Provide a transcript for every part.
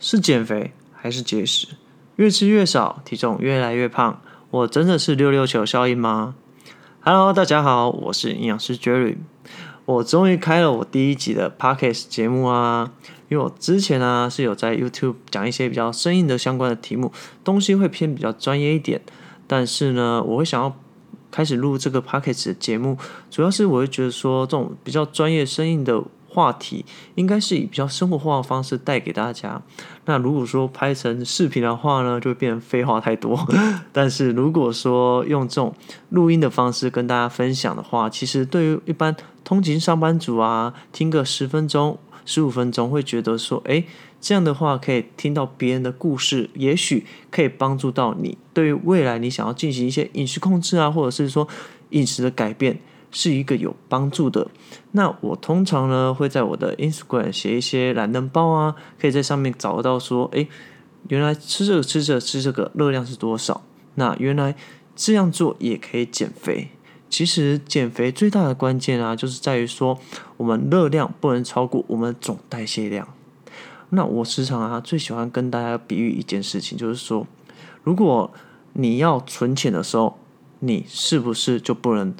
是減肥還是節食？越吃越少，體重越來越胖，我真的是溜溜球效應嗎？Hello，大家好，我是營養師 Jerry。我終於開了我第一集的 Podcast 節目啊！因為我之前呢、啊、是有在 YouTube 講一些比較生硬的相關的題目，東西會偏比較專業一點。但是呢，我會想要開始錄這個 Podcast 的節目，主要是我會覺得說這種比較專業生硬的。話題應該是以比較生活化的方式帶給大家。那如果說拍成視頻的話呢，就會變廢話太多。 但是如果說用這種錄音的方式跟大家分享的話，其實對於一般通勤上班族啊，聽個十分鐘、十五分鐘，會覺得說，哎，這樣的話可以聽到別人的故事，也許可以幫助到你，對於未來你想要進行一些飲食控制啊，或者是說飲食的改變。是一個有幫助的。那我通常呢會在我的 Instagram 寫一些懶人包啊，可以在上面找得到說，哎，原來吃這個吃這個吃這個熱量是多少？那原來這樣做也可以減肥。其實減肥最大的關鍵啊，就是在於說，我們熱量不能超過我們總代謝量。那我時常啊最喜歡跟大家比喻一件事情，就是說，如果你要存錢的時候，你是不是就不能？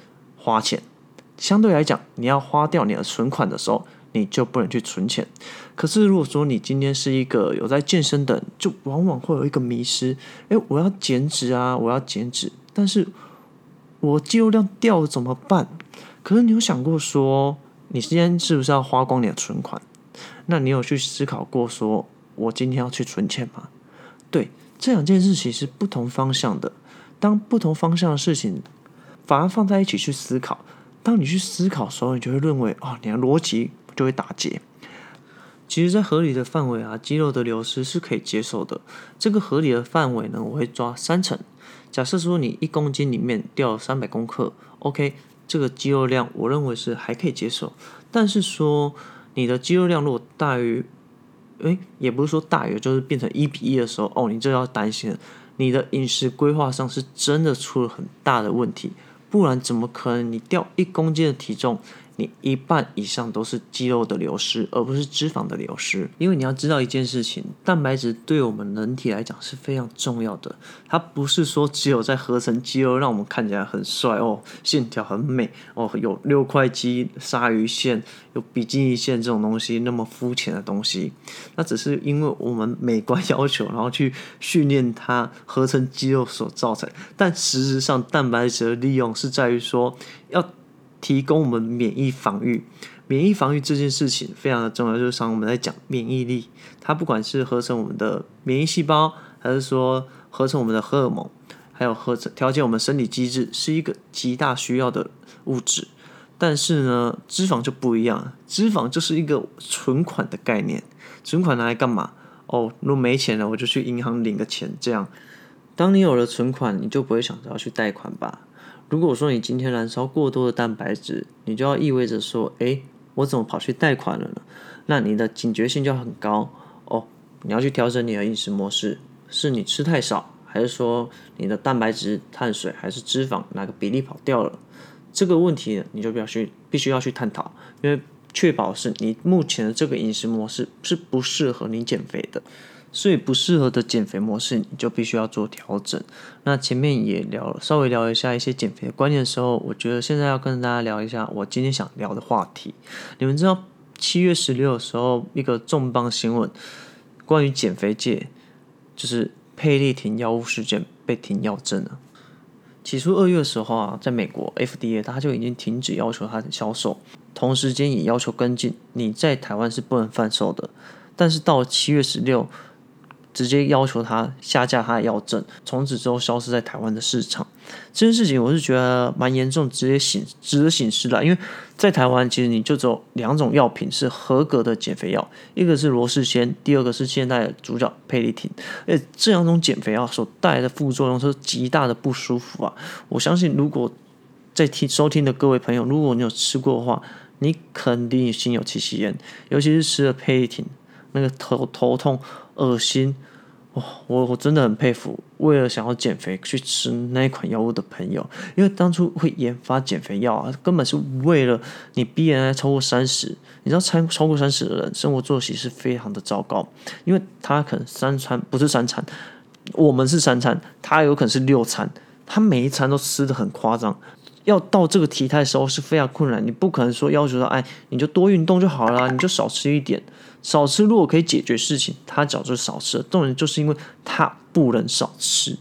花錢相對來講，你要花掉你的存款的時候，你就不能去存錢。可是如果說你今天是一個有在健身的人，就往往會有一個迷失。誒，我要減脂啊，我要減脂，但是我肌肉量掉了怎麼辦？可是你有想過說，你今天是不是要花光你的存款？那你有去思考過說我今天要去存錢嗎？對，這兩件事情是不同方向的。當不同方向的事情。反而放在一起去思考，當你去思考的時候，你就會認為哦，你的邏輯就會打結。其實，在合理的範圍啊，肌肉的流失是可以接受的。這個合理的範圍呢，我會抓三成。假設說你一公斤裡面掉了三百公克，OK，這個肌肉量我認為是還可以接受。但是說你的肌肉量如果大於，哎，也不是說大於，就是變成一比一的時候，哦，你就要擔心了。你的飲食規劃上是真的出了很大的問題。不然怎麼可能？你掉一公斤的體重，你一半以上都是肌肉的流失，而不是脂肪的流失。因為你要知道一件事情，蛋白質對我們人體來講是非常重要的。它不是說只有在合成肌肉，讓我們看起來很帥哦，線條很美哦，有六塊肌、鯊魚線、有比基尼線這種東西那麼膚淺的東西，那只是因為我們美觀要求，然後去訓練它合成肌肉所造成。但事實上，蛋白質的利用是在於說要。提供我們免疫防禦，免疫防禦這件事情非常的重要，就是像我們在講免疫力，它不管是合成我們的免疫細胞，還是說合成我們的荷爾蒙，還有合成調節我們生理機制，是一個極大需要的物質。但是呢，脂肪就不一樣，脂肪就是一個存款的概念，存款拿來幹嘛？哦，如果沒錢了，我就去銀行領個錢，這樣。當你有了存款，你就不會想着要去貸款吧？如果說你今天燃燒過多的蛋白質，你就要意味着說，哎，我怎麼跑去貸款了呢？那你的警覺性就很高哦，你要去調整你的飲食模式，是你吃太少，還是說你的蛋白質、碳水還是脂肪哪個比例跑掉了？這個問題呢，你就要去，必須要去探討，因為確保是你目前的這個飲食模式是不適合你減肥的。所以不適合的減肥模式，你就必須要做調整。那前面也聊了，稍微聊一下一些減肥的觀念的時候，我覺得現在要跟大家聊一下我今天想聊的話題。你們知道七月十六的時候，一個重磅新聞，關於減肥界，就是沛麗婷藥物事件被停藥證了。起初二月的時候啊，在美國 FDA 它就已經停止要求它的銷售，同時間也要求跟進，你在台灣是不能販售的。但是到七月十六。直接要求他下架他的藥證，從此之後消失在台灣的市場。這件事情我是覺得蠻嚴重，直接醒，直接醒失了。因為在台灣，其實你就只有兩種藥品是合格的減肥藥，一個是羅氏鮮，第二個是現代的主角沛麗婷。而且這兩種減肥藥所帶來的副作用是極大的不舒服啊！我相信，如果在聽收聽的各位朋友，如果你有吃過的話，你肯定也心有戚戚焉，尤其是吃了沛麗婷，那個頭頭痛。噁心，哦、我我真的很佩服為了想要減肥去吃那一款藥物的朋友，因為當初會研發減肥藥，啊，根本是為了你 BMI 超過三十，你知道超超過三十的人生活作息是非常的糟糕，因為他可能三餐不是三餐，我們是三餐，他有可能是六餐，他每一餐都吃得很誇張。要到這個體態的時候是非常困難，你不可能說要求他，哎，你就多運動就好了、啊，你就少吃一點，少吃如果可以解決事情，他早就少吃了。重點就是因為他不能少吃，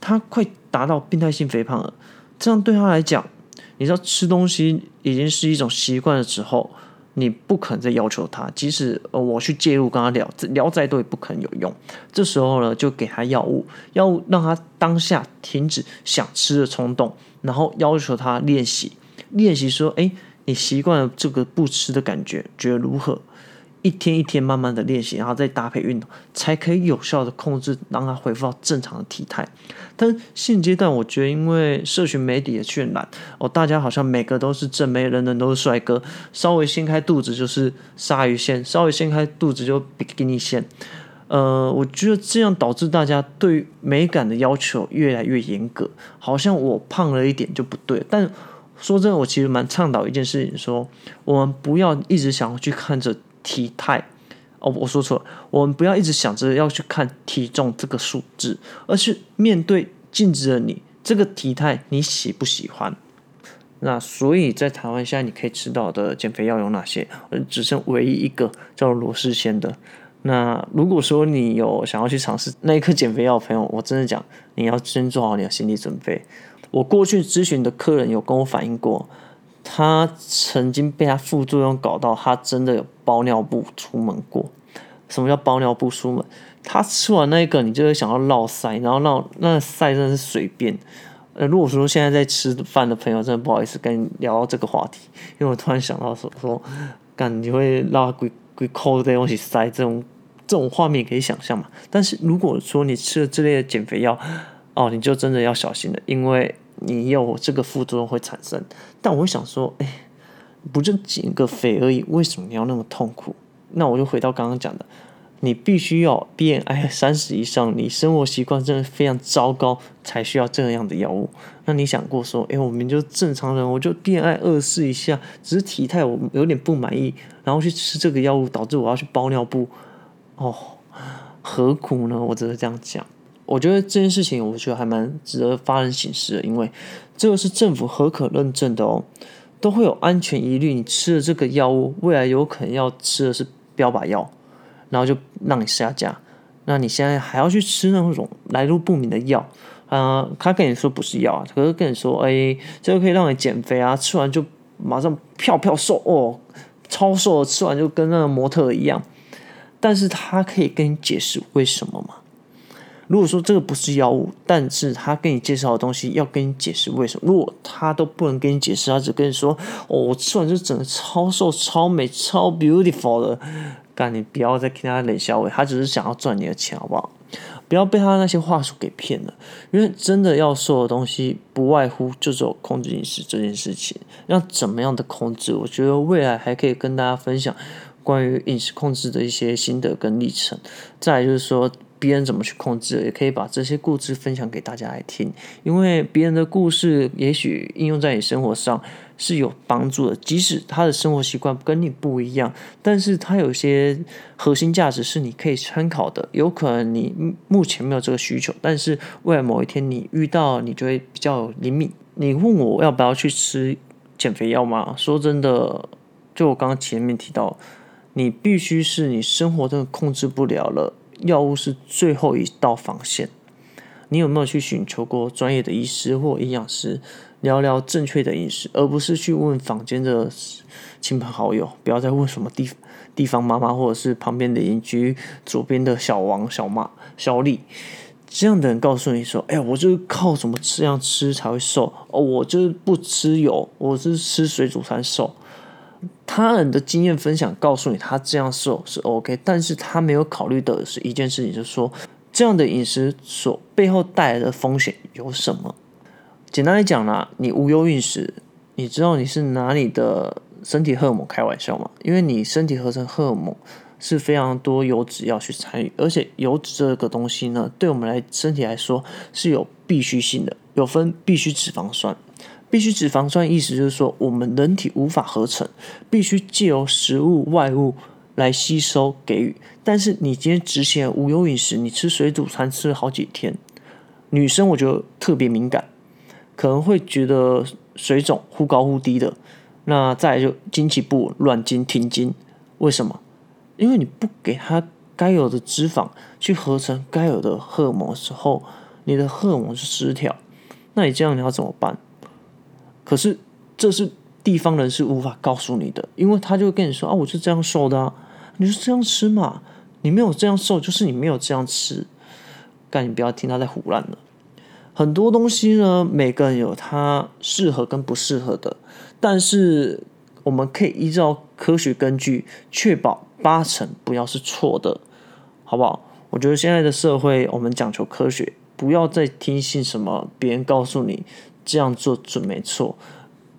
他快達到病態性肥胖了，這樣對他來講，你知道吃東西已經是一種習慣了之後。你不可能再要求他，即使呃我去介入跟他聊，聊再多也不可能有用。這時候呢，就給他藥物，藥物讓他當下停止想吃的衝動，然後要求他練習，練習說，誒，你習慣了這個不吃的感覺，覺得如何？一天一天慢慢的練習，然後再搭配運動，才可以有效的控制，讓它恢復到正常的體態。但現階段，我覺得因為社群媒體的渲染，哦，大家好像每個都是正妹人，人都是帥哥，稍微掀開肚子就是鯊魚線，稍微掀開肚子就比基尼線。呃，我覺得這樣導致大家對美感的要求越來越嚴格，好像我胖了一點就不對。但說真的，我其實蠻倡導一件事情說，說我們不要一直想要去看着。體態，哦，我說錯了，我們不要一直想着要去看體重這個數字，而是面對鏡子的你，這個體態你喜不喜歡？那所以在台灣現在你可以吃到的減肥藥有哪些？只剩唯一一個叫羅氏鮮的。那如果說你有想要去嘗試那一顆減肥藥，朋友，我真的講，你要先做好你的心理準備。我過去諮詢的客人有跟我反映過。他曾經被他副作用搞到，他真的有包尿布出門過。什麼叫包尿布出門？他吃完那一個，你就會想要繞塞，然後繞那那個、塞真的是水便。呃，如果說現在在吃飯的朋友，真的不好意思跟你聊到這個話題，因為我突然想到說說，感覺會拉鬼鬼口這東西塞這種這種畫面可以想象嘛。但是如果說你吃了這類的減肥藥，哦，你就真的要小心了，因為。你有這個副作用會產生，但我想說，哎、欸，不就減個肥而已，為什麼你要那麼痛苦？那我就回到剛剛講的，你必須要變矮三十以上，你生活習慣真的非常糟糕，才需要這樣的藥物。那你想過說，哎、欸，我們就正常人，我就變矮二十以下，只是體態我有點不滿意，然後去吃這個藥物，導致我要去包尿布，哦，何苦呢？我只是這樣講。我覺得這件事情，我覺得還蠻值得發人省思的，因為這個是政府核可認證的哦，都會有安全疑慮。你吃了這個藥物，未來有可能要吃的是標靶藥，然後就讓你下架。那你現在還要去吃那種來路不明的藥？啊、呃，他跟你說不是藥啊，可是跟你說，哎、欸，這個可以讓你減肥啊，吃完就馬上漂漂瘦哦，超瘦，吃完就跟那個模特一樣。但是他可以跟你解釋為什麽嗎？如果說這個不是藥物，但是他跟你介紹的東西要跟你解釋為什麼，如果他都不能跟你解釋，他只跟你說哦，我吃完就整個超瘦、超美、超 beautiful 的，但你不要再聽他冷笑話，他只是想要賺你的錢，好不好？不要被他的那些話術給騙了，因為真的要瘦的東西，不外乎就只有控制飲食這件事情。要怎麼樣的控制？我覺得未來還可以跟大家分享關於飲食控制的一些心得跟歷程。再來就是說。別人怎麼去控制，也可以把這些故事分享給大家來聽，因為別人的故事也許應用在你生活上是有幫助的。即使他的生活習慣跟你不一樣，但是他有些核心價值是你可以參考的。有可能你目前沒有這個需求，但是未來某一天你遇到，你就會比較靈敏。你問我要不要去吃減肥藥嗎？說真的，就我剛剛前面提到，你必須是你生活真的控制不了了。藥物是最後一道防線，你有沒有去尋求過專業的醫師或營養師聊聊正確的飲食，而不是去問坊間的親朋好友？不要再問什麼地地方媽媽，或者是旁邊的鄰居、左邊的小王、小馬、小李這樣的人告訴你說：“哎、欸、呀，我就是靠什麼吃這樣吃才會瘦哦，我就是不吃油，我是吃水煮才瘦。”他人的經驗分享告訴你，他這樣瘦是 OK，但是他沒有考慮的是一件事情，就是說這樣的飲食所背後帶來的風險有什麼？簡單來講啦，你無油飲食，你知道你是拿你的身體荷爾蒙開玩笑嗎？因為你身體合成荷爾蒙是非常多油脂要去參與，而且油脂這個東西呢，對我們來身體來說是有必需性的，有分必需脂肪酸。必須脂肪酸，意思就是說，我們人體無法合成，必須借由食物外物來吸收給予。但是你今天只限無油飲食，你吃水煮餐吃了好幾天，女生我覺得特別敏感，可能會覺得水腫忽高忽低的。那再就經期不穩、亂經、停經，為什麼？因為你不給它該有的脂肪去合成該有的荷爾蒙之後，你的荷爾蒙是失調。那你這樣你要怎麼辦？可是，這是地方人是無法告訴你的，因為他就會跟你說啊，我是這樣瘦的，啊，你是這樣吃嘛，你沒有這樣瘦，就是你沒有這樣吃。但你不要聽他在唬爛了。很多東西呢，每個人有他適合跟不適合的，但是我們可以依照科學根據，確保八成不要是錯的，好不好？我覺得現在的社會我們講求科學，不要再聽信什麼別人告訴你。這樣做準沒錯，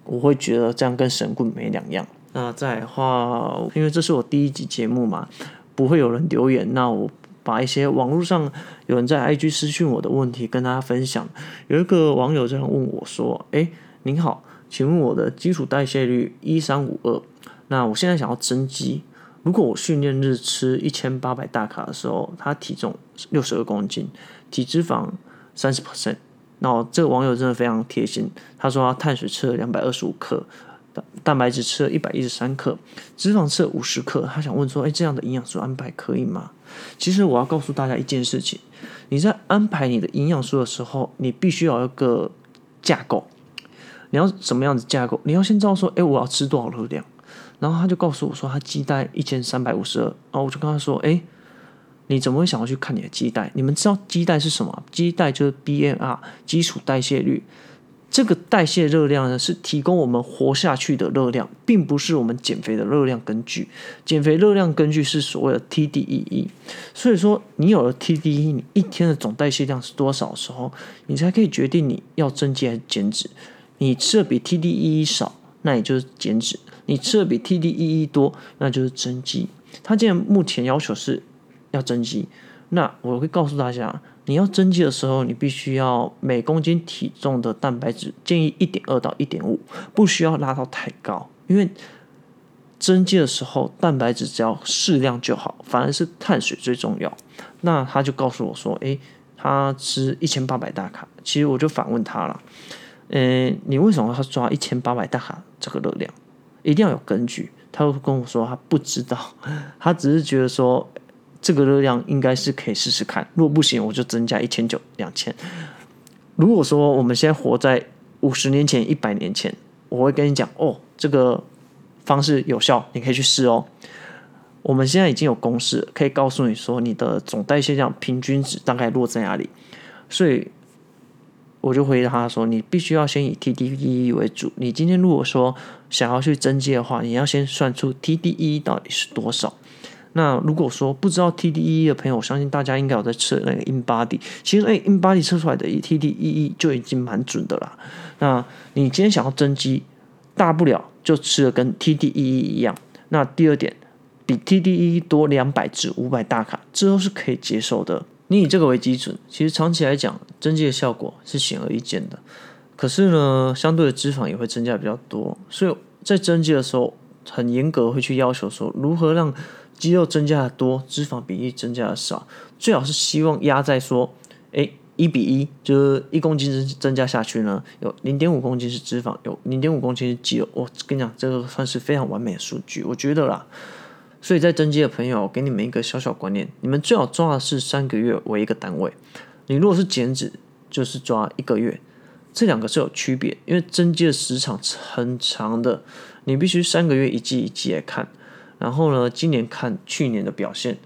我會覺得這樣跟神棍沒兩樣。那再的話，因為這是我第一集節目嘛，不會有人留言。那我把一些網絡上有人在 IG 私訊我的問題跟大家分享。有一個網友這樣問我說：“哎，您好，請問我的基礎代謝率一三五二，那我現在想要增肌，如果我訓練日吃一千八百大卡的時候，他體重六十二公斤，體脂肪三十 percent。”那這個網友真的非常貼心，他說他碳水吃了兩百二十五克，蛋蛋白質吃了一百一十三克，脂肪吃了五十克。他想問說，誒，這樣的營養素安排可以嗎？其實我要告訴大家一件事情，你在安排你的營養素的時候，你必須要有一個架構。你要什麼樣子架構？你要先知道說，誒，我要吃多少熱量。然後他就告訴我說，他雞蛋一千三百五十二。然後我就跟他說，誒。你怎麼會想要去看你的基代？你們知道基代是什麼？基代就是 BMR 基礎代謝率，這個代謝熱量呢是提供我們活下去的熱量，並不是我們減肥的熱量根據。減肥熱量根據是所謂的 TDEE。所以說，你有了 TDEE，你一天的總代謝量是多少的時候，你才可以決定你要增肌還是減脂。你吃的比 TDEE 少，那也就是減脂；你吃的比 TDEE 多，那就是增肌。他現在目前要求是。要增肌，那我會告訴大家，你要增肌的時候，你必須要每公斤體重的蛋白質建議一點二到一點五，不需要拉到太高，因為增肌的時候蛋白質只要適量就好，反而是碳水最重要。那他就告訴我說：“哎、欸，他吃一千八百大卡，其實我就反問他了，嗯、欸，你為什麼要抓一千八百大卡這個熱量？一定要有根據。”他就跟我說他不知道，他只是覺得說。這個熱量應該是可以試試看，如果不行，我就增加一千九、兩千。如果說我們現在活在五十年前、一百年前，我會跟你講哦，這個方式有效，你可以去試哦。我們現在已經有公式可以告訴你說，你的總代謝量平均值大概落在哪裡，所以我就回答他說：“你必須要先以 TDE 為主，你今天如果說想要去增肌的話，你要先算出 TDE 到底是多少。”那如果說不知道 T D E E 的朋友，我相信大家應該有在測那個 In Body，其實哎、欸、，In Body 測出來的 T D E E 就已經蠻準的啦。那你今天想要增肌，大不了就吃的跟 T D E E 一樣。那第二點，比 T D E E 多兩百至五百大卡，這都是可以接受的。你以這個為基準，其實長期來講增肌的效果是顯而易見的。可是呢，相對的脂肪也會增加比較多，所以在增肌的時候，很嚴格會去要求說如何讓。肌肉增加的多，脂肪比例增加的少，最好是希望壓在說，哎，一比一，就是一公斤增增加下去呢，有零點五公斤是脂肪，有零點五公斤是肌肉。我跟你講，這個算是非常完美的數據，我覺得啦。所以在增肌的朋友，我給你們一個小小觀念，你們最好抓的是三個月為一個單位。你如果是減脂，就是抓一個月，這兩個是有區別，因為增肌的時長很長的，你必須三個月一季一季來看。然後呢，今年看去年的表現，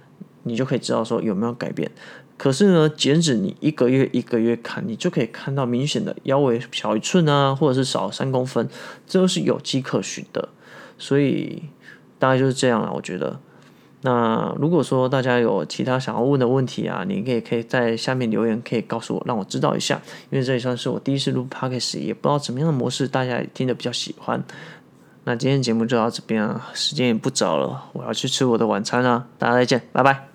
你就可以知道說有沒有改變。可是呢，減脂你一個月一個月看，你就可以看到明顯的腰圍小一寸啊，或者是少三公分，這都是有跡可循的。所以大概就是這樣了，我覺得。那如果說大家有其他想要問的問題啊，你可以可以在下面留言，可以告訴我，讓我知道一下。因為這也算是我第一次錄 Podcast，也不知道怎麼樣的模式大家也聽得比較喜歡。那今天節目就到這邊啊，時間也不早了，我要去吃我的晚餐了啊，大家再見，拜拜。